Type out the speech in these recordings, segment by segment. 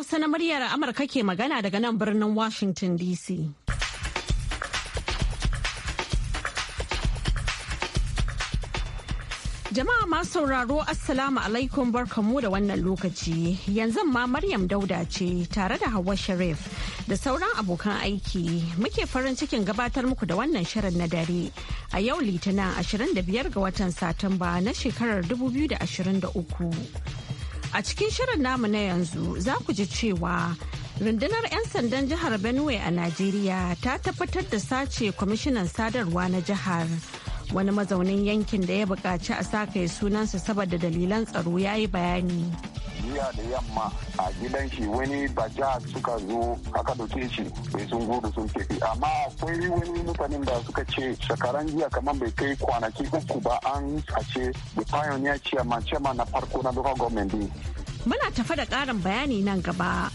Hausa na muryar Amurka ke magana daga nan birnin Washington DC. Jama'a ma sauraro Assalamu alaikum barkamu da wannan lokaci. Yanzu ma Maryam Dauda ce tare da Hauwa Sharif da sauran abokan aiki muke farin cikin gabatar muku da wannan shirin na dare. A yau Litinin 25 ga watan Satumba na shekarar 2023. A cikin shirin namu na yanzu za ku ji cewa rundunar 'yan sandan jihar Benue a Najeriya ta tabbatar da sace kwamishinan sadarwa na jihar. Wani mazaunin yankin da ya buƙaci a sa kai sunansa saboda dalilan tsaro ya yi bayani. jiya da yamma a gidan shi wani bajaj suka zo aka doke shi bai sun gudu sun tafi amma akwai wani mutanen da suka ce shekaran jiya kamar bai kai kwanaki uku ba an sace da pioneer chairman chairman na farko na local government muna tafa da karin bayani nan gaba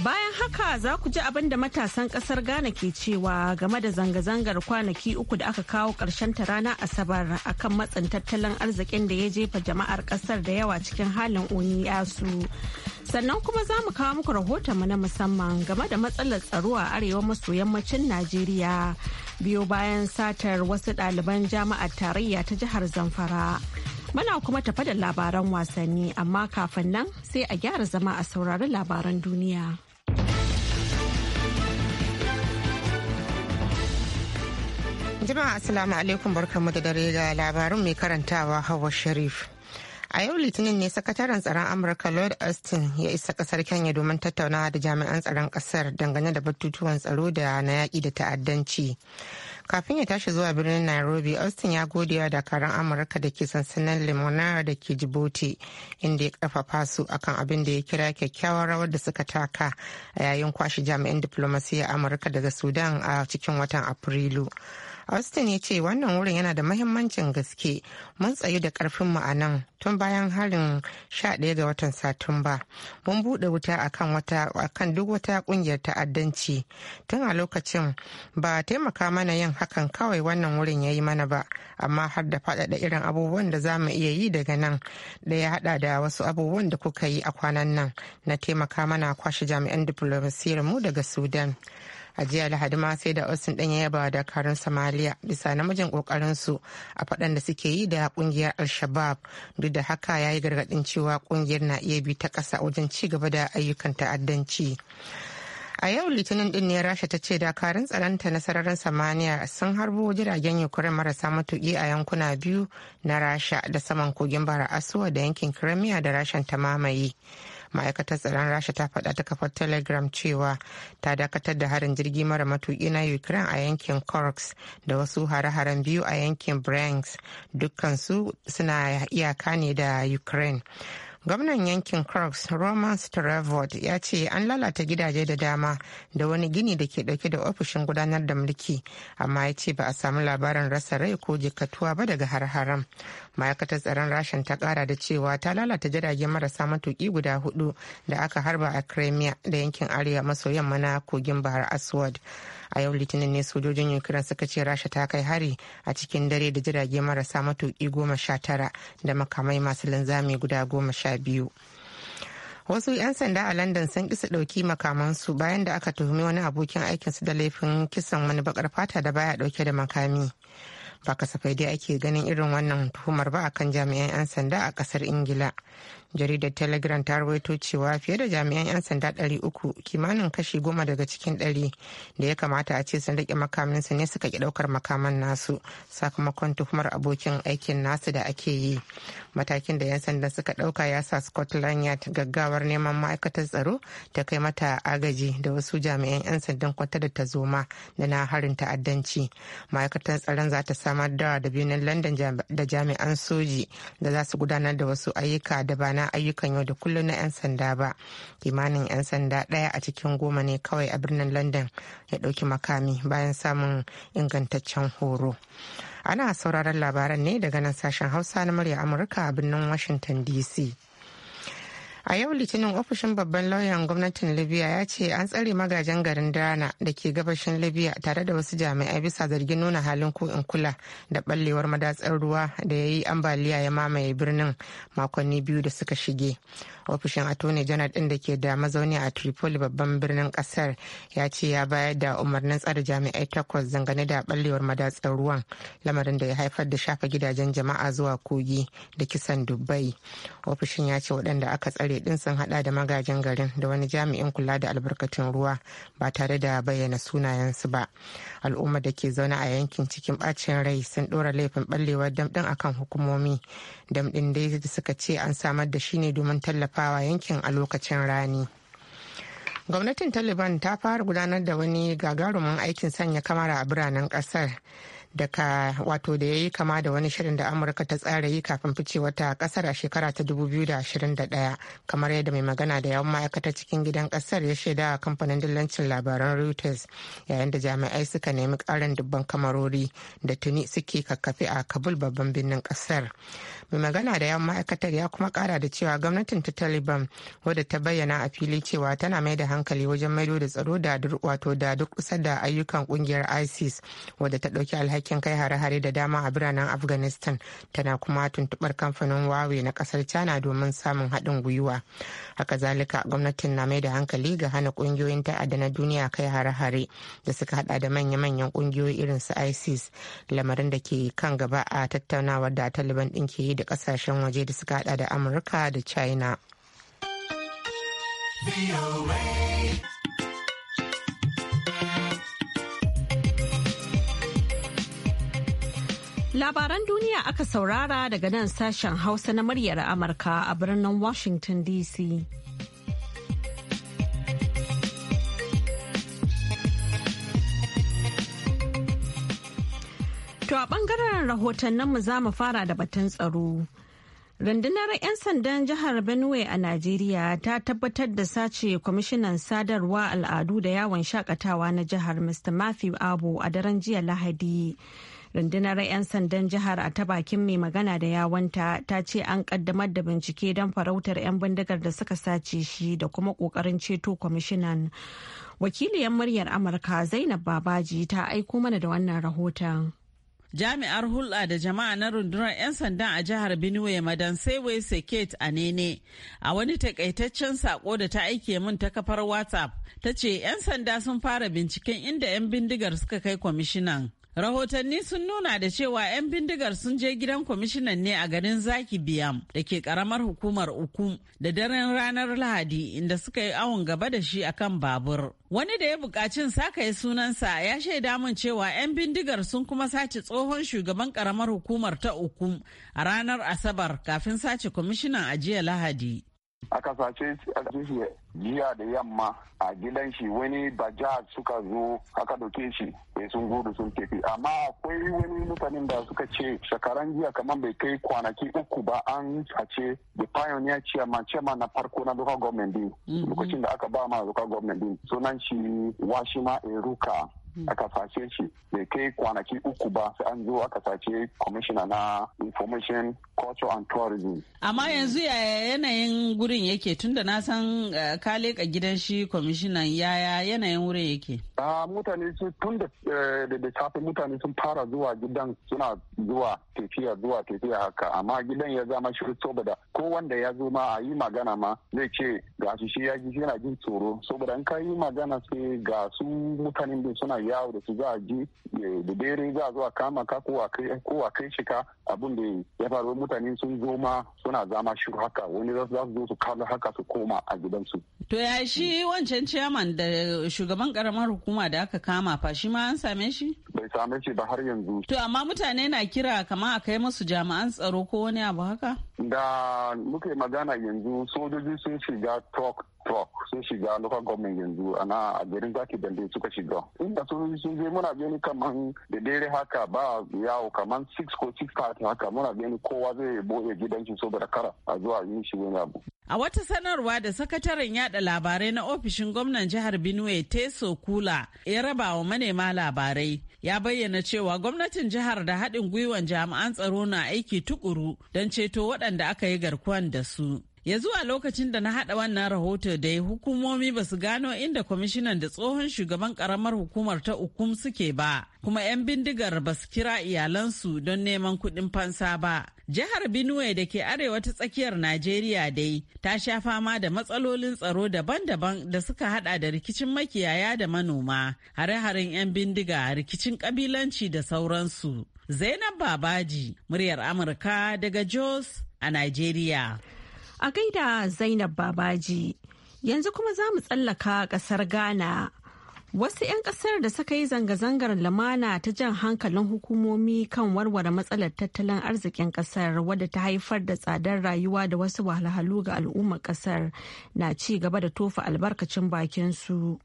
Bayan haka za ku ji abin da matasan kasar Ghana ke cewa game da zanga-zangar kwanaki uku da aka kawo ƙarshen ta rana Asabar a kan matsin tattalin arzikin da ya jefa jama'ar kasar da yawa cikin halin oni yasu. Sannan kuma za mu kawo muku rahotonmu na musamman game da matsalar tsaro a arewa maso yammacin Najeriya biyo bayan satar wasu ɗaliban jami'ar tarayya ta jihar Zamfara. Muna kuma tafa da labaran wasanni amma kafin nan sai a gyara zama a saurari labaran duniya. Jama'a Assalamu alaikum barkanmu da dare ga labarin mai karantawa Hawa Sharif. a yau litinin ne sakataren tsaron amurka lord austin ya isa kasar kenya domin tattaunawa da jami'an tsaron kasar dangane da batutuwan tsaro da na yaƙi da ta'addanci kafin ya tashi zuwa birnin nairobi austin ya gode wa dakarun amurka da ke sansanin limonar da ke djibouti inda ya karfafa su akan abin da ya kira kyakkyawar rawar da suka taka a yayin kwashe jami'an diplomasiyya amurka daga sudan a cikin watan afrilu austin ya ce wannan wurin yana da mahimmancin gaske mun tsayu da karfin mu a tun bayan harin 11 ga watan satumba mun buɗe wuta akan wata duk wata ƙungiyar ta'addanci tun a lokacin ba taimaka mana yin hakan kawai wannan wurin ya yi mana ba amma har da faɗaɗa irin abubuwan da za mu iya yi daga nan da ya haɗa da wasu abubuwan da kuka yi a kwanan nan na taimaka mana kwashe jami'an diflomasiyar mu daga sudan a jiya lahadi ma sai da osin ɗin ya yaba da karin somalia bisa namijin kokarin a faɗan da suke yi da ƙungiyar al-shabab duk da haka ya yi gargaɗin cewa ƙungiyar na iya bi ta ƙasa wajen ci gaba da ayyukan ta'addanci a yau litinin din ne rasha ta ce dakarun tsaronta na sararin samaniya sun harbo jiragen ukraine marasa matuki a yankuna biyu na rasha da saman kogin bara asuwa da yankin crimea da rashan ta mamaye ma'aikatar tsaron rasha ta faɗa ta kafar telegram cewa ta dakatar da harin jirgi mara matuƙi na ukraine a yankin corks da wasu hare-haren biyu a yankin branks dukkansu suna iyaka ne da ukraine gwamnan yankin crocs roman stravot ya ce an lalata gidaje da dama da wani gini da ke dauke da ofishin gudanar da mulki amma ya ce ba a samu labarin rasa rai ko jikatuwa ba daga har haram. ma'aikatar tsaron rashin ta kara da cewa ta lalata jirage marasa matuki guda hudu da aka harba a crimea da yankin arewa maso yamma na kogin bahar aswad a yau litinin ne sojojin ukraine suka ce rasha ta kai hari a cikin dare da jirage marasa matuki goma sha tara da makamai masu linzami guda goma sha biyu wasu 'yan sanda a london sun kisa dauki makamansu bayan da aka tuhumi wani abokin aikinsu da laifin kisan wani bakar fata da baya dauke da makami ba kasafai dai ake ganin irin wannan tuhumar ba akan jami'an 'yan sanda a kasar ingila jaridar telegram ta rawaito cewa fiye da jami'an 'yan sanda ɗari uku kimanin kashi goma daga cikin ɗari da ya kamata a ce sun rike makaminsu ne suka ki ɗaukar makaman nasu sakamakon tuhumar abokin aikin nasu da ake yi matakin da 'yan sanda suka ɗauka ya sa scotland yard gaggawar neman ma'aikatar tsaro ta kai mata agaji da wasu jami'an 'yan sandan kwata da ta zoma da na harin ta'addanci ma'aikatar tsaron za ta samar da da birnin london da jami'an soji da za su gudanar da wasu ayyuka da bana na ayyukan yau da kullum na 'yan sanda ba kimanin 'yan sanda ɗaya a cikin goma ne kawai a birnin london ya ɗauki makami bayan samun ingantaccen horo ana sauraron labaran ne daga nan sashen hausa na murya amurka a birnin washington dc a yau litinin ofishin babban lauyan gwamnatin libya ya ce an tsare magajin garin dana da ke gabashin libya tare da wasu jami'ai bisa zargin nuna halin ko in kula da ballewar madatsar ruwa da ya yi ambaliya ya mamaye birnin makonni biyu da suka shige ofishin attorney janar din da ke da mazauni a tripoli babban birnin kasar ya ce ya bayar da umarnin tsare jami'ai takwas dangane da ballewar madatsar ruwan lamarin da ya haifar da shafa gidajen jama'a zuwa kogi da kisan dubbai ofishin ya ce waɗanda aka tsare din sun hada da magajin garin da wani jami'in kula da albarkatun ruwa ba tare da bayyana sunayensu ba al'umma da ke zaune a yankin cikin bacin rai sun ɗora laifin ballewar damɗin akan hukumomi damɗin dai da suka ce an samar da shi ne domin tallafa tallafawa yankin a lokacin rani. Gwamnatin Taliban ta fara gudanar da wani gagarumin aikin sanya kamara a biranen kasar daga wato da ya yi kama da wani shirin da amurka ta tsara yi kafin fice wata kasar a shekara ta 2021 kamar yadda mai magana da yawan ma'aikata cikin gidan kasar ya shaida a kamfanin dillancin labaran reuters yayin da jami'ai suka nemi karin dubban kamarori da tuni suke kakkafe a kabul babban birnin kasar mai magana da yawan ma'aikatar ya kuma kara da cewa gwamnatin ta taliban wadda ta bayyana a fili cewa tana mai da hankali wajen maido da tsaro da wato da duk kusa da ayyukan kungiyar isis wadda ta dauki alhaki alhakin kai hare-hare da dama a biranen afghanistan tana kuma tuntubar kamfanin wawe na kasar china domin samun haɗin gwiwa haka zalika gwamnatin na mai da hankali ga hana ƙungiyoyin ta'adda na duniya kai hare-hare da suka hada da manya-manyan ƙungiyoyi irin su isis lamarin da ke kan gaba a tattaunawar da taliban ɗin ke yi da ƙasashen waje da suka hada da amurka da china. Labaran duniya aka saurara daga nan sashen Hausa na muryar Amurka a birnin Washington DC. To a bangaren rahotanninmu za mu fara da batun tsaro. Rundunar 'yan sandan jihar Benue a Najeriya ta tabbatar da sace kwamishinan sadarwa al'adu da yawon shakatawa na jihar Mr. Matthew Abu a daren jiya Lahadi. rundunar 'yan sandan jihar a ta bakin mai magana da yawanta ta ce an kaddamar da bincike don farautar 'yan bindigar da suka sace shi da kuma kokarin ceto kwamishinan wakiliyar muryar amurka zainab babaji ta aiko mana da wannan rahoton jami'ar hulɗa da jama'a na rundunar 'yan sandan a jihar benue madan sewe sekete a nene a wani takaitaccen sako da ta aike min ta kafar whatsapp ta ce 'yan sanda sun fara binciken inda 'yan bindigar suka kai kwamishinan Rahotanni sun nuna da cewa 'yan bindigar sun je gidan kwamishinan ne a garin Zaki Biyam da ke karamar hukumar Uku da daren ranar Lahadi inda suka yi awon gaba da shi akan babur. Wani da ya bukacin sakaye sunansa ya shaida mun cewa 'yan bindigar sun kuma sace tsohon shugaban karamar hukumar ta Uku a ranar Asabar kafin sace kwamishinan a jiya Lahadi. a sace jiya da yamma a gidan shi wani bajaj suka zo aka doke shi bai sun gudu sun tafi amma akwai wani mutanen da suka ce shekaran jiya kamar bai kai kwanaki uku ba an sace da pioneer chairman chairman na farko na local government din mm-hmm. lokacin da aka ba ma local government din sunan shi washima eruka mm-hmm. aka sace shi bai kai kwanaki uku ba sai an zo aka sace commissioner na information culture and tourism. Amma yanzu yaya yanayin gurin yake tunda na san eh, ka gidan shi kwamishinan yaya yanayin wurin yake? Ah, mutane su tun eh, da safe mutane sun fara zuwa gidan suna zuwa tafiya zuwa tafiya haka amma gidan ya zama shiru saboda ko wanda ya zo ma a yi magana ma zai ce ga shi shi ya ji yana jin tsoro saboda in ka yi magana sai ga su mutanen da suna yawo da su za a ji eh, da dare za a zo kama ka ko a kai shi ka abin da ya faru mutane sun zo ma suna zama shiru haka wani za su zo su kala haka su koma a gidansu. To ya shi wancan ciyaman da shugaban karamar hukuma da aka kama fa shi ma an same shi? Bai same shi ba har yanzu. To amma mutane na kira kama a kai musu jami'an tsaro ko wani abu haka? Da muke magana yanzu sojoji sun shiga tok. truck sun shiga local government yanzu ana a garin zaki dande suka shiga inda sun sun je muna gani kaman da dare haka ba yawo kaman 6 ko 6 haka muna gani kowa zai boye gidansu saboda kara a zuwa yin shi wani abu A wata sanarwa da sakataren yada labarai na ofishin gwamnan jihar Benue Teso Kula ya raba wa manema labarai ya bayyana cewa gwamnatin jihar da haɗin gwiwan jami'an tsaro na aiki tukuru don ceto waɗanda aka yi garkuwan da su. Ya zuwa lokacin da na haɗa wannan rahoto da hukumomi ba su gano inda kwamishinan da tsohon shugaban ƙaramar hukumar ta ukum suke ba, kuma 'yan bindigar ba su kira iyalansu don neman kuɗin fansa ba. Jihar Benue da ke arewa ta tsakiyar Najeriya dai ta sha fama da matsalolin tsaro daban-daban da suka haɗa da rikicin makiyaya da manoma, hare-haren 'yan bindiga, rikicin ƙabilanci, da sauransu. Zainab Babaji, muryar Amurka daga Jos a Najeriya. A gaida Zainab Babaji, yanzu kuma za mu tsallaka ƙasar Ghana. Wasu 'yan ƙasar da suka yi zanga-zangar lamana ta jan hankalin hukumomi kan warware matsalar tattalin arzikin ƙasar wadda ta haifar da tsadar rayuwa da wasu wahalhalu ga al'ummar ƙasar na ci gaba da tofa albarkacin bakinsu. su.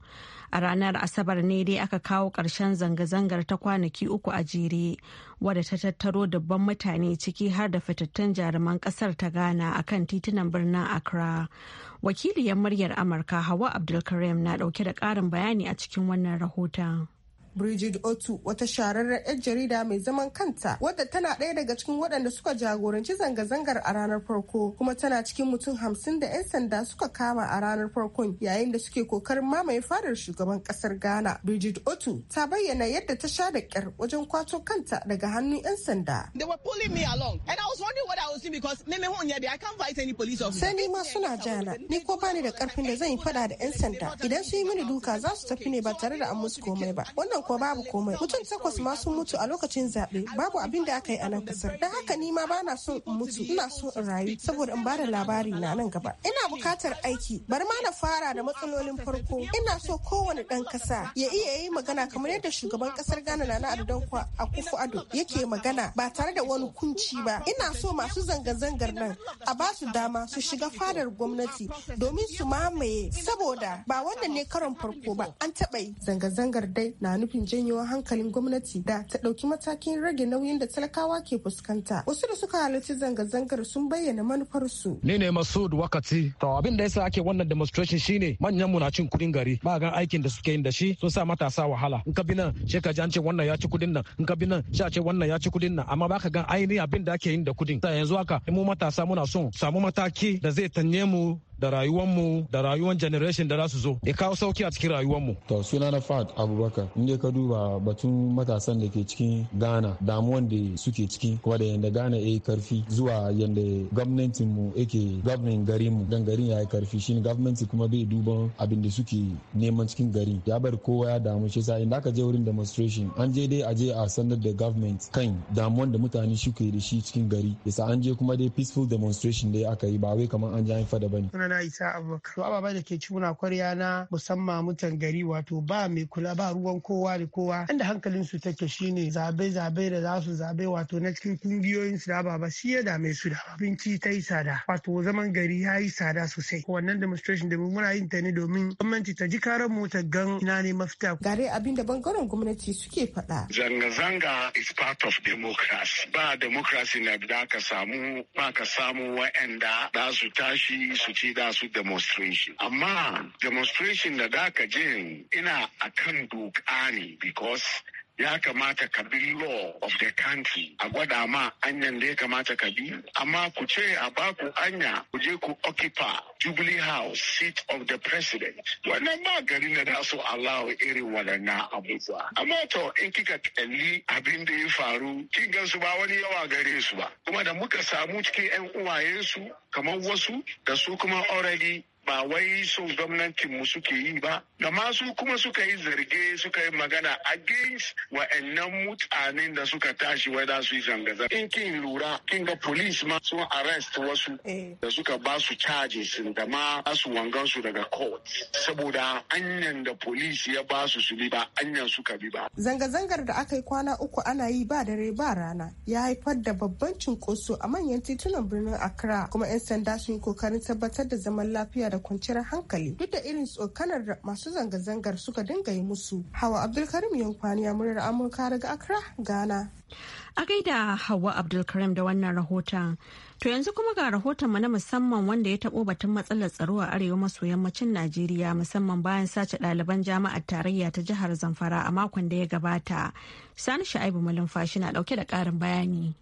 a ranar asabar ne dai aka kawo ƙarshen zanga-zangar ta kwanaki uku a jere wadda ta tattaro dubban mutane ciki har da fitattun jaruman ƙasar ta ghana a kan titunan birnin accra wakiliyar muryar amurka hawa abdulkarim na ɗauke da ƙarin bayani a cikin wannan rahoton Bridget Otu wata shararren 'yar jarida mai zaman kanta wadda tana ɗaya daga cikin waɗanda suka jagoranci zanga-zangar a ranar farko kuma tana cikin mutum hamsin da 'yan sanda suka kama a ranar farkon yayin da suke kokarin mamaye fadar shugaban ƙasar Ghana. Bridget Otu ta bayyana yadda ta sha da ƙyar wajen kwato kanta daga hannun 'yan sanda. Sai ni ma suna jana, ni ko bani da ƙarfin da zan yi fada da 'yan sanda idan su yi mini duka za su tafi ne ba tare da an musu komai ba. Wannan kuwa babu komai mutum takwas ma sun mutu a lokacin zaɓe babu abin da aka yi a nan kasar don haka ni ma bana son in mutu ina so in rayu saboda in bada labari na nan gaba ina bukatar aiki bari ma na fara da matsalolin farko ina so kowane ɗan ƙasa ya iya yi magana kamar yadda shugaban ƙasar Ghana na na a Akufo Addo yake magana ba tare da wani kunci ba ina so masu zanga-zangar nan a ba su dama su shiga fadar gwamnati domin su mamaye saboda ba wannan ne karon farko ba an taɓa yi zanga-zangar dai na nufin janyo hankalin gwamnati da ta ɗauki matakin rage nauyin da talakawa ke fuskanta. Wasu da suka halarci zanga-zangar sun bayyana manufarsu. Ni ne Masud Wakati. To abin da yasa ake wannan demonstration shine manyan mu na cin kudin gari ba ga aikin da suke yin da shi sun sa matasa wahala. In ka bi nan sai ka ji an wannan ya ci kuɗin nan in ka bi nan sai a ce wannan ya ci kuɗin nan amma ba ka ga ainihin abin da ake yin da kuɗin. yanzu haka mu matasa muna son samu mataki da zai tanye mu da rayuwanmu da rayuwan generation da za su zo ya kawo sauki a cikin rayuwanmu. To suna na Fat Abubakar in dai ka duba batun matasan da ke cikin Ghana damuwan da suke ciki kuma da yanda Ghana ya yi karfi zuwa yanda gwamnatin mu yake gwamnatin garin mu dan garin ya yi karfi shine gwamnati kuma bai duban abin da suke neman cikin gari ya bar kowa ya damu shi sa inda aka je wurin demonstration an je dai a je a sanar da government kan damuwan da mutane suke da shi cikin gari yasa an je kuma dai peaceful demonstration dai aka yi ba wai kamar an ji an fada bane. sunana isa abubakar ababa da ke ci muna kwarya na musamman mutan gari wato ba mai kula ba ruwan kowa da kowa inda hankalin su take shine zabe zabe da za su zabe wato na cikin kungiyoyin su da ba shi ya dame su da Binci ta yi tsada wato zaman gari ya yi tsada sosai wannan demonstration da mu muna yin ta ne domin gwamnati ta ji karar mu ta gan ina ne mafita gare abin da bangaren gwamnati suke faɗa zanga-zanga is part of democracy ba democracy na da ka samu ba ka samu wa'anda za su tashi su ci da su demonstration amma demonstration da da ka je ina akan doka ne because ya kamata ka bi law of the country a gwada ma anyan da ya kamata ka bi amma ku ce a baku anya ku je ku occupy jubilee house seat of the president wannan ba gari na da so allow irin wadanna abubuwa amma to in kika kalli abin da ya faru kin gan su ba wani yawa gare su ba kuma da muka samu cikin yan uwayensu kamar wasu da su kuma already ba wai su gwamnatin mu suke yi ba da masu kuma suka yi zarge suka yi magana against wa'annan mutanen da suka tashi wai za su yi zanga-zanga in kin lura kin ga police ma sun arrest wasu eh. da suka ba su charges da ma su wangan su daga court saboda anyan da police ya ba su su bi ba anyan suka bi ba zanga-zangar da aka yi kwana uku ana yi ba dare ba rana ya haifar da babban cunkoso a manyan titunan birnin Accra kuma 'yan sanda sun yi kokarin tabbatar da zaman lafiya da da kwanciyar hankali duk da irin tsokanar da masu zanga-zangar suka dinga yi musu. Hawa Abdulkarim Yankwani ya murar Amurka daga Accra, Ghana. A gaida Hawa Abdulkarim da wannan rahoton. To yanzu kuma ga rahoton mu na musamman wanda ya taɓo batun matsalar tsaro a arewa maso yammacin Najeriya musamman bayan sace ɗaliban jami'ar tarayya ta jihar Zamfara a makon da ya gabata. Sani Sha'ibu Malumfashi na ɗauke da ƙarin bayani.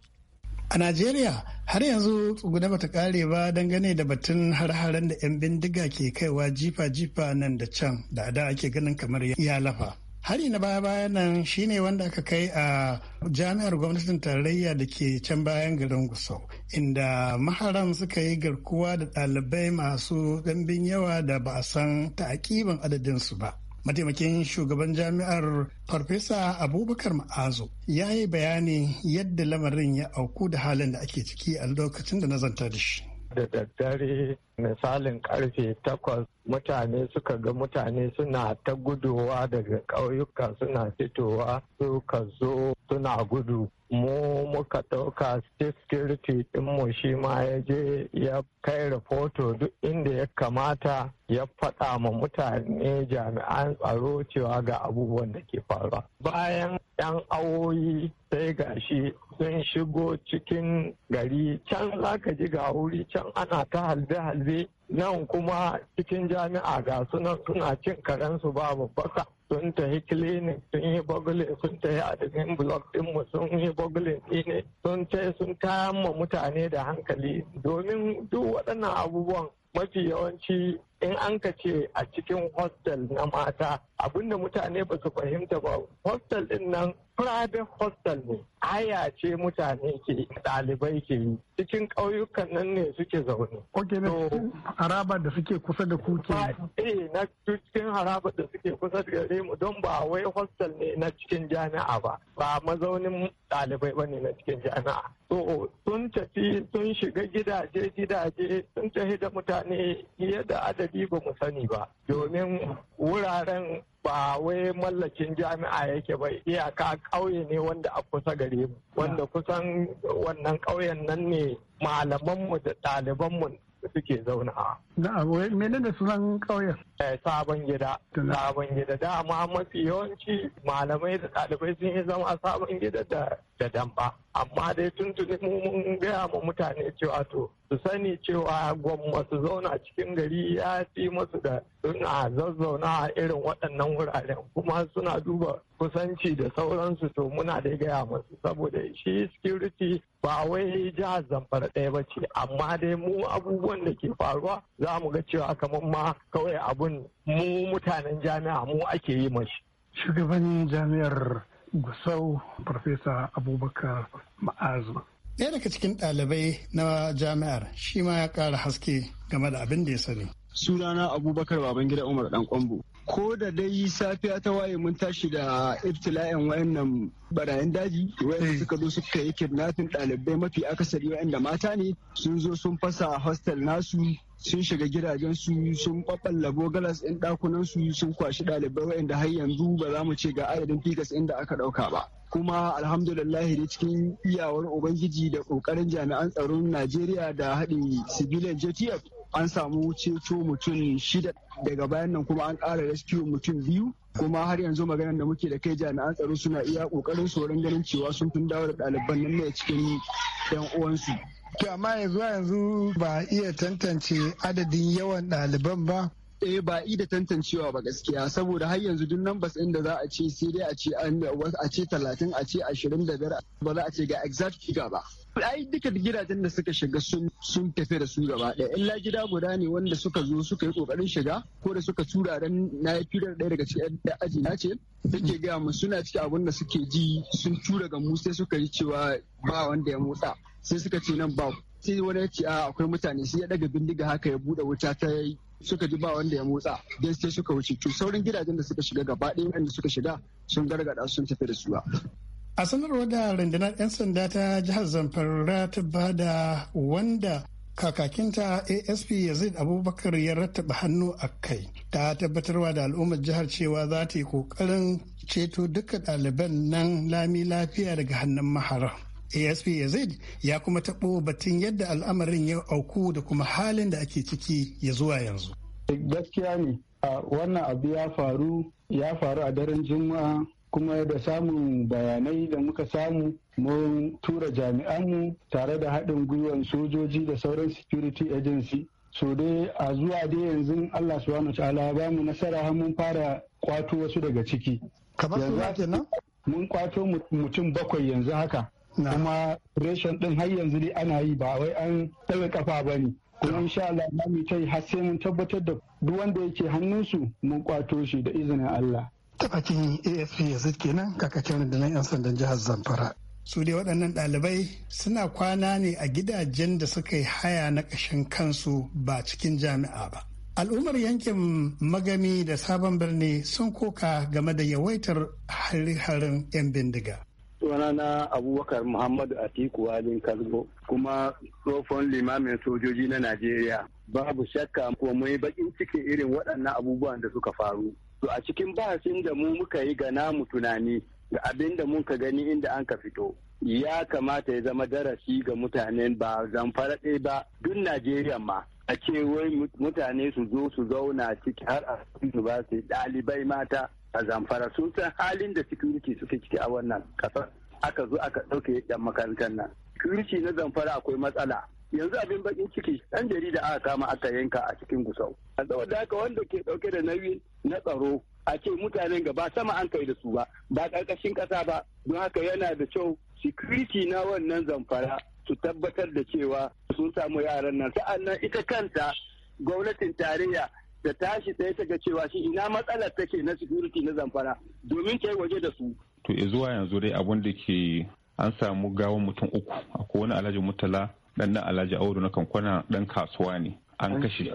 A Najeriya har yanzu tsuguna bata kare ba dangane da batun har-haren da 'yan bindiga ke kaiwa jifa-jifa nan da can da da ake ganin kamar ya lafa. Hari na baya-bayan nan shine wanda aka kai a jami'ar gwamnatin tarayya da ke can bayan garin Gusau, inda maharan suka yi garkuwa da ɗalibai masu ɗanbin yawa da ba a san ta'akiban adadinsu ba. mataimakin shugaban jami'ar farfesa abubakar Ma'azo ya yi bayani yadda lamarin ya auku da halin da ake ciki a lokacin da na zanta da shi da daddare misalin karfe takwas mutane suka ga mutane suna ta guduwa daga ƙauyuka suna fitowa suka zo suna gudu mu muka ɗauka security ɗinmu shi ma ya je ya kai rahoto duk inda ya kamata ya faɗa ma mutane jami'an tsaro cewa ga abubuwan da ke faruwa bayan 'yan awoyi sai gashi sun shigo cikin gari can zaka ji ga wuri can ana ta halde-halde yanzu nan kuma cikin jami'a ga sunan suna cin karensu babu baka sun ta yi clinic sun yi bugulin sun yi a cikin blog mu sun yi bugulin ne sun yi sun kayan ma mutane da hankali domin duk waɗannan abubuwan mafi yawanci in an ka ce a cikin hostel na mata abinda mutane ba su fahimta ba hostel din nan private hostel ne haya ce mutane ke ɗalibai ke yi cikin ƙauyukan nan ne suke zaune. Ok, na haraba da suke kusa da kuke ke. Eh, na cikin haraba da suke kusa da gare mu don ba wai hostel ne na cikin jami'a ba, ba mazaunin ɗalibai ba ne na cikin jami'a. To sun tafi sun shiga gidaje gidaje sun tafi da mutane fiye da adadi ba mu sani ba, domin wuraren ba wai mallakin jami'a yake ba iyaka ƙauye ne wanda a kusa gare mu wanda kusan wannan ƙauyen nan ne malamanmu da ɗalibanmu suke zauna. Mene da sunan ƙauyen? Eh, sabon gida. Sabon gida dama mafi yawanci malamai da ɗalibai sun yi zama sabon gida da damba. Amma dai tuntuni mun gaya ma mutane cewa to su sani cewa gwamma su zauna cikin gari ya fi masu da suna zazzauna a irin waɗannan wuraren kuma suna duba kusanci da sauransu to muna da gaya masu saboda shi security ba wai jihar zamfara ɗaya ba ce amma dai mu abubuwan da ke faruwa za mu ga cewa kamar ma kawai abun mu mutanen jami'a mu ake yi mashi. shugaban jami'ar gusau farfesa abubakar ma'azu ɗaya daga cikin ɗalibai na jami'ar shi ma ya ƙara haske game da abin da ya sani sunana abubakar babangida umar dan kwambo ko da dai safiya ta waye mun tashi da iftila'in wayannan barayin daji wayanda eh. suka zo suka yi kidnapping ɗalibai mafi akasari wayanda mata ne sun zo sun fasa hostel nasu sun shiga gidajen su sun galas in ɗin su sun kwashi ɗalibai wayanda har yanzu ba za mu ce ga adadin fikas inda aka ɗauka ba kuma alhamdulillah da cikin iyawar ubangiji da kokarin jami'an tsaron najeriya da haɗin civilian jtf an samu ceto mutum shida daga bayan nan kuma an ƙara rescue mutum biyu kuma har yanzu maganar da muke da kai jami'an tsaro suna iya kokarin su ganin cewa sun tun dawo da ɗaliban nan ne cikin ɗan uwansu to amma yanzu yanzu ba iya tantance adadin yawan ɗaliban ba e ba i da tantancewa ba gaskiya saboda har yanzu duk numbers ɗin da za a ce sai dai a ce an a ce talatin a ce ashirin da biyar ba za a ce ga exact figure ba ai duka gidajen da suka shiga sun tafi da su gaba ɗaya illa gida guda ne wanda suka zo suka yi kokarin shiga ko da suka tura dan na yi fidar ɗaya daga cikin aji na ce duke gaya mu suna ciki abun da suke ji sun tura ga mu sai suka yi cewa ba wanda ya motsa sai suka ce nan ba sai wani ya ce a ah, akwai mutane sai ya daga bindiga haka ya bude wuta ta suka ji ba wanda ya motsa dan sai suka wuce to saurin gidajen da suka shiga gaba ɗaya wanda suka shiga sun gargada sun tafi da su a sanarwar da rundunar 'yan sanda ta jihar zamfara ta bada wanda kakakinta asp yazid abubakar ya rattaba hannu a kai ta tabbatarwa da al'ummar jihar cewa za ta yi kokarin ceto duka ɗaliban nan lami lafiya daga hannun mahara asp yazid ya kuma taɓo batun yadda al'amarin ya auku da kuma halin da ake ciki ya zuwa yanzu gaskiya ne wannan abu ya faru ya faru a daren juma'a kuma da samun bayanai da muka samu mun tura jami'anmu tare da haɗin gwiwan sojoji da sauran security agency so dai a zuwa dai yanzu allah subhanahu ta'ala ba mu nasara har mun fara kwato wasu daga ciki kamar su nan mun kwato mutum bakwai yanzu haka kuma reshen din har yanzu dai ana yi ba wai an tsaye kafa ba ne kuma insha Allah za mu ta har sai mun tabbatar da duk wanda yake hannunsu mun kwato shi da izinin Allah. Ta AFP yanzu kenan kakakin rundunar 'yan sandan jihar Zamfara. Su dai waɗannan ɗalibai suna kwana ne a gidajen da suka yi haya na ƙashin kansu ba cikin jami'a ba. Al'ummar yankin magami da sabon birni sun koka game da yawaitar hare-haren 'yan bindiga. sunana abubakar muhammadu atiku walin kalgo kuma tsofon limamin sojoji na najeriya babu shakka ko mai bakin cikin irin waɗannan abubuwan da suka faru to a cikin bahasin da mu muka yi ga namu tunani da abin da muka gani inda an ka fito ya kamata ya zama darasi ga mutanen ba zamfara ɗaya ba duk najeriya ma a ce wai mutane su zo su zauna ciki har a su ba su ɗalibai mata a zamfara sun san halin da security suka ciki a wannan kasar aka zo aka ɗauke yan makarantar nan security na zamfara akwai matsala yanzu abin bakin ciki ɗan jarida aka kama aka yanka a cikin gusau a saboda haka wanda ke ɗauke da nauyi na tsaro a ce mutanen gaba sama an kai da su ba ba ƙarƙashin ƙasa ba don haka yana da kyau security na wannan zamfara su tabbatar da cewa sun samu yaran nan Sa'annan ita kanta gwamnatin tarayya da tashi tsaye ta ga cewa shi ina matsalar take na security na zamfara domin ta yi waje da su. To zuwa yanzu dai abun da ke an samu gawon mutum uku akwai wani alhaji mutala dan nan alhaji audu na kankwana dan kasuwa ne an kashe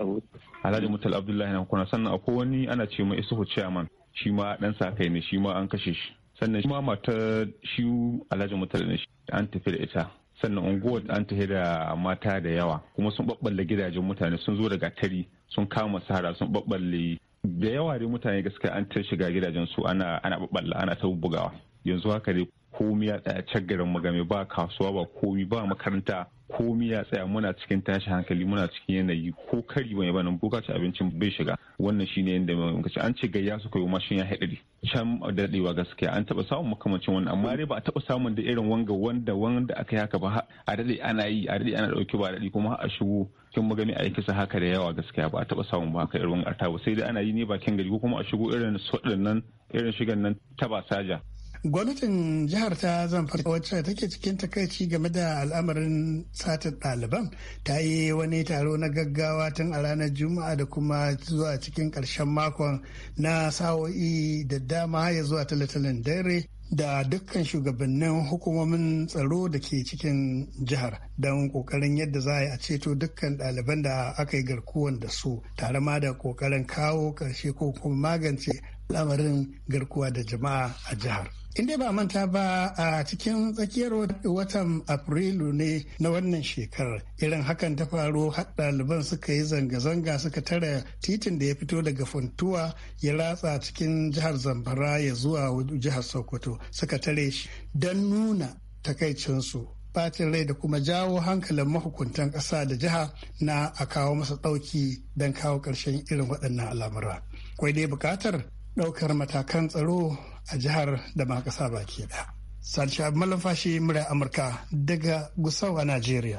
alhaji mutala abdullahi na kankwana sannan akwai wani ana ce ma isufu chairman shi ma dan sa kai ne shi ma an kashe shi sannan shi ma mata shi alhaji mutala ne an tafi da ita sannan unguwar an tafi da mata da yawa kuma sun babballe gidajen mutane sun zo daga tari sun kama sahara sun babballe da yawa dai mutane gaskiya an ta shiga gidajen su ana ana babballa ana ta bugawa yanzu haka dai komi ya tsaya can garin magame ba kasuwa ba komi ba makaranta komi ya tsaya muna cikin tashi hankali muna cikin yanayi ko kari wani banan ko kaci abincin bai shiga wannan shine yadda muka ce an ce gayya suka yi mashin ya haɗari can daɗewa gaskiya an taɓa samun makamancin wannan amma dai ba a taɓa samun da irin wanga wanda wanda aka yi haka ba a daɗe ana yi a daɗe ana ɗauki ba daɗi kuma a shigo kin magani a sa haka da yawa gaskiya ba a taɓa samun ba haka irin ba sai dai ana yi ne bakin gari ko kuma a shigo irin su nan irin shigan nan ta ba saja gwamnatin jihar ta zamfara wacce take cikin takaici game da al'amarin satar ɗaliban ta yi wani taro na gaggawa tun a ranar juma'a da kuma zuwa cikin ƙarshen makon na sa'o'i da dama ya zuwa talatalin dare da dukkan shugabannin hukumomin tsaro da ke cikin jihar don kokarin yadda za a ceto dukkan ɗaliban da aka yi garkuwan da su tare ma da kokarin kawo ƙarshe ko kuma magance al'amarin garkuwa da jama'a a jihar. In dai ba manta ba a cikin tsakiyar watan afrilu ne na wannan shekarar irin hakan ta faru har ɗaliban suka yi zanga-zanga suka tare titin da ya fito daga funtuwa ya ratsa cikin jihar zamfara ya zuwa jihar sokoto suka tare shi don nuna takaicinsu batin rai da kuma jawo hankalin mahukuntan ƙasa da jiha na a kawo masa ɗauki don kawo ƙarshen irin waɗannan al'amura. Kwai dai buƙatar ɗaukar matakan tsaro a jihar da ma kasa baki ɗaya. Salisha Malafashi murai Amurka daga Gusau a Najeriya.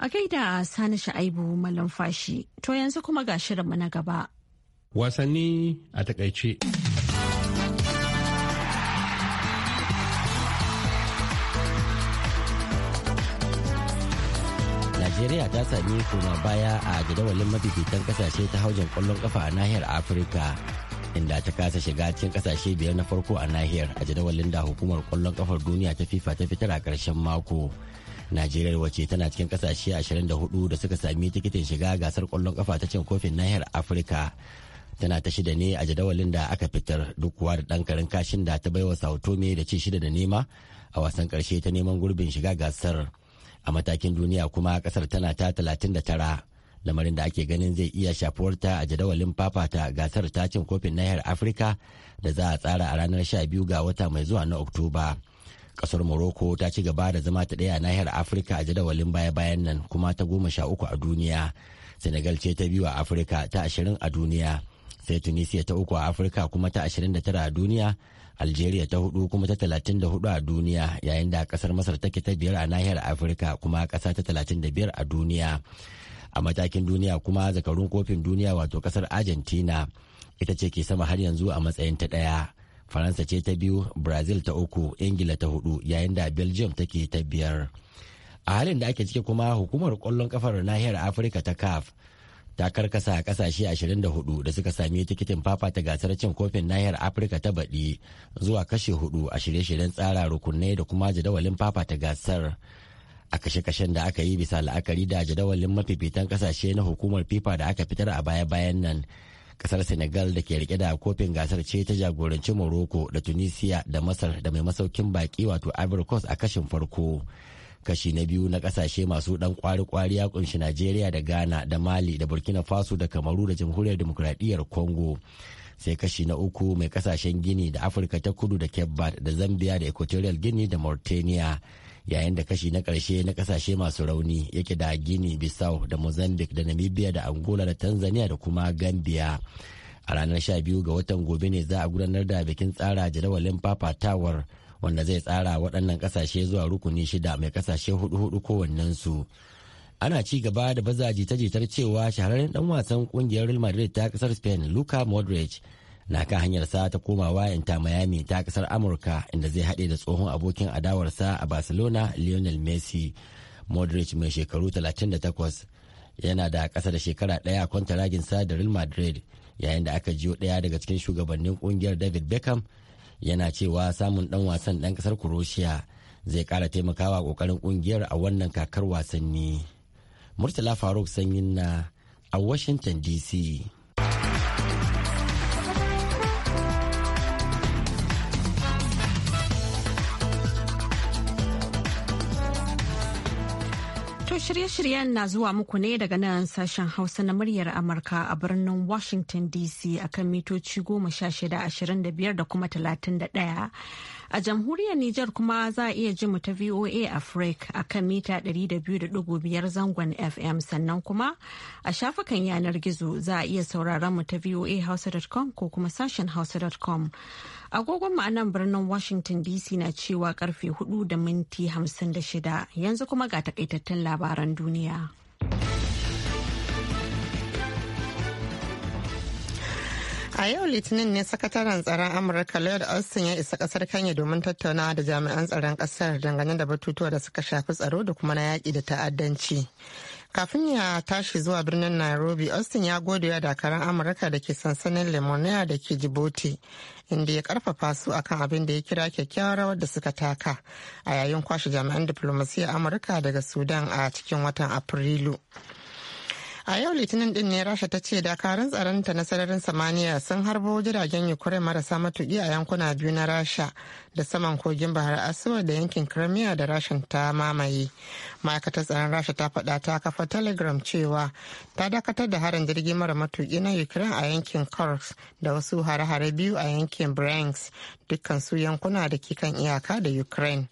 A gaida Sani Sha'aibu Malamfashi, to yanzu kuma ga shirinmu na gaba. Wasanni a takaice. Najeriya ta sami koma baya a jadawalin mafifitan kasashe ta haujen kwallon kafa a nahiyar Afirka inda ta kasa shiga cikin kasashe biyar na farko a nahiyar a jadawalin da hukumar kwallon kafar duniya ta fifa ta fitar a karshen mako najeriya wace tana cikin kasashe 24 da suka sami tikitin shiga gasar kwallon kafa ta cin kofin nahiyar afirka tana ta shida ne a jadawalin da aka fitar duk kuwa da dan karin kashin da ta baiwa sao tome da ci shida da nema a wasan karshe ta neman gurbin shiga gasar a matakin duniya kuma kasar tana ta 39 lamarin da ake ganin zai iya shafuwarta a jadawalin fafata gasar tacin kofin nahiyar afirka da za a tsara a ranar 12 ga wata mai zuwa na oktoba kasar morocco ta ci gaba da zama ta ɗaya a nahiyar afirka a jadawalin baya-bayan nan kuma ta goma sha uku a duniya senegal ce ta biyu a afirka ta ashirin a duniya sai tunisia ta uku a afirka kuma ta ashirin da tara a duniya algeria ta hudu kuma ta talatin da hudu a duniya yayin da kasar masar take ta biyar a nahiyar afirka kuma kasa ta talatin da biyar a duniya a matakin duniya kuma zakarun kofin duniya wato kasar argentina ita ce ke sama har yanzu a matsayin ta ɗaya faransa ce ta biyu brazil ta uku ingila ta hudu yayin da belgium take ta biyar a halin da ake ciki kuma hukumar kwallon kafar nahiyar afirka ta caf ta karkasa kasashe 24 da suka sami tikitin fafata gasar cin kofin nahiyar afirka ta baɗi zuwa kashe hudu a shirye-shiryen tsara rukunai da kuma jadawalin ta gasar a kashe-kashen da aka yi bisa la'akari da jadawalin mafifitan kasashe na hukumar fifa da aka fitar a baya-bayan nan kasar senegal da ke rike da kofin gasar ce ta jagoranci morocco da tunisia da masar da mai masaukin baki wato ivory coast a kashin farko kashi na biyu na kasashe masu dan kwari-kwari ya kunshi najeriya da ghana da mali da burkina faso da kamaru da jamhuriyar demokuraɗiyyar congo sai kashi na uku mai kasashen gini da afirka ta kudu da cape da zambia da equatorial guinea da mauritania yayin da kashi na ƙarshe na ƙasashe masu rauni yake da gini bissau da mozambique da namibia da angola da tanzania da kuma gambia a ranar 12 ga watan gobe ne za a gudanar da bikin tsara jadawalin fafatawar wanda zai tsara waɗannan ƙasashe zuwa rukuni shida mai ƙasashe hudu-hudu kowannensu ana ci gaba da baza jita-jitar cewa shahararren dan wasan ƙungiyar real madrid ta ƙasar spain luka modric na kan hanyarsa ta komawa yanta Miami ta kasar Amurka inda zai haɗe da tsohon abokin adawarsa a Barcelona Lionel Messi. Modric mai shekaru 38 yana da ƙasa da shekara ɗaya kwantaraginsa da Real Madrid yayin da aka jiyo ɗaya daga cikin shugabannin ƙungiyar David Beckham yana cewa samun ɗan wasan ɗan ƙasar Croatia zai ƙara taimakawa ƙoƙarin ƙungiyar a wannan kakar wasanni. Murtala Faruk Sanyin na a Washington DC. shirye-shiryen na zuwa muku ne daga nan sashen Hausa na muryar Amurka a birnin Washington DC akan mitoci goma sha shida ashirin da biyar da kuma talatin da ɗaya. A jamhuriyar Nijar kuma za a iya ji mu ta VOA Africa a kan mita 200.5 zangon FM sannan kuma a shafukan yanar gizo za a iya sauraron mu ta VOA hausa.com ko kuma sashen hausa.com. Agogon mu a birnin Washington DC na cewa karfe 4 da minti 56 yanzu kuma ga takaitattun labaran duniya. A yau Litinin ne sakataren tsaron Amurka Lloyd Austin ya isa kasar Kenya domin tattaunawa da jami'an tsaron kasar dangane da batutuwa da suka shafi tsaro da kuma na yaki da ta'addanci. Kafin ya tashi zuwa birnin Nairobi, Austin ya gode wa dakaran Amurka da ke sansanin Lemonia da ke Djibouti, inda ya karfafa su akan abin da ya kira kyakkyawar rawar da suka taka a yayin kwashe jami'an diflomasiyyar Amurka daga Sudan a cikin watan Afrilu. a yau litinin din ne rasha ta ce dakarun tsaronta na sararin samaniya sun harbo jiragen ukraine marasa matuki a yankuna biyu na rasha da saman kogin bahar asuwa da yankin crimea da rasha ta mamaye ma'aikatar tsaron rasha ta faɗa ta kafa telegram cewa ta dakatar da harin jirgin mara matuki na ukraine a yankin kursk da wasu hare-hare biyu a yankin branks dukkansu yankuna da ke kan iyaka da ukraine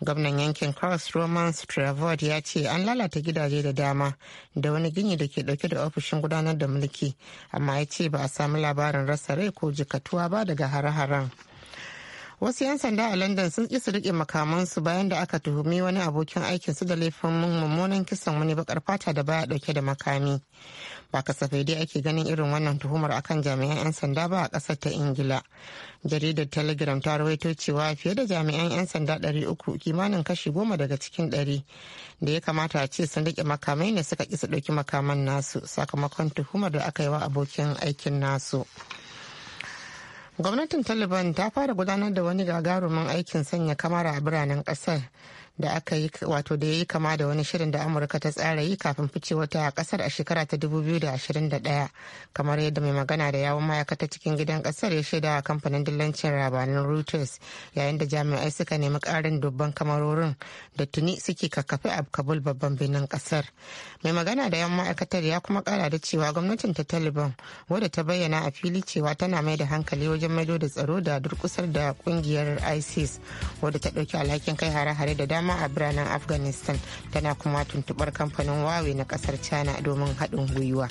gwamnan yankin cross roman stravod ya ce an lalata gidaje da dama da wani gini da ke dauke da ofishin gudanar da mulki amma ya ce ba a sami labarin rasa rai ko jikatuwa ba daga hare-haren wasu 'yan sanda a london sun ƙi su riƙe makamansu bayan da aka tuhumi wani abokin aikinsu da laifin mummunan kisan wani bakar fata da baya ɗauke da makami ba kasafai dai ake ganin irin wannan tuhumar akan jami'an 'yan sanda ba a kasar ta ingila jaridar telegram ta rawaito cewa fiye da jami'an 'yan sanda uku kimanin kashi goma daga cikin 100 da ya kamata a ce sun rike makamai ne suka ƙi su ɗauki makaman nasu sakamakon tuhumar da aka yi wa abokin aikin nasu. gwamnatin taliban ta fara gudanar da wani gagarumin aikin sanya kamara a biranen kasar da aka yi wato da ya yi kama da wani shirin da amurka ta tsara yi kafin ficewa ta kasar a shekara ta 2021 kamar yadda mai magana da yawon ma'aikata cikin gidan kasar ya shaida a kamfanin dillancin rabanin reuters yayin da jami'ai suka nemi karin dubban kamarorin da tuni suke kakkafe a kabul babban birnin kasar mai magana da yawon ma'aikatar ya kuma kara da cewa gwamnatin ta taliban wadda ta bayyana a fili cewa tana mai da hankali wajen maido da tsaro da durkusar da kungiyar isis wadda ta dauki alhakin kai hare-hare da dama kuma a biranen afghanistan tana kuma tuntubar kamfanin wawe na kasar china domin haɗin gwiwa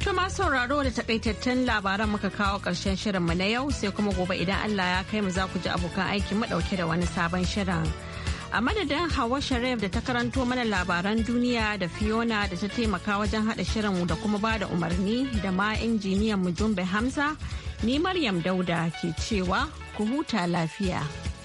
To ma sauraro da takaitattun labaran muka kawo ƙarshen shirinmu na yau sai kuma gobe idan Allah ya kai mu za ku ji abokan aiki ɗauke da wani sabon shirin. A madadin Hawa Sharif da ta karanto mana labaran duniya da Fiona da ta taimaka wajen haɗa shirinmu da kuma ba da umarni da ma injiniyan mu Jumbe Hamza, ni Maryam Dauda ke cewa ku huta lafiya.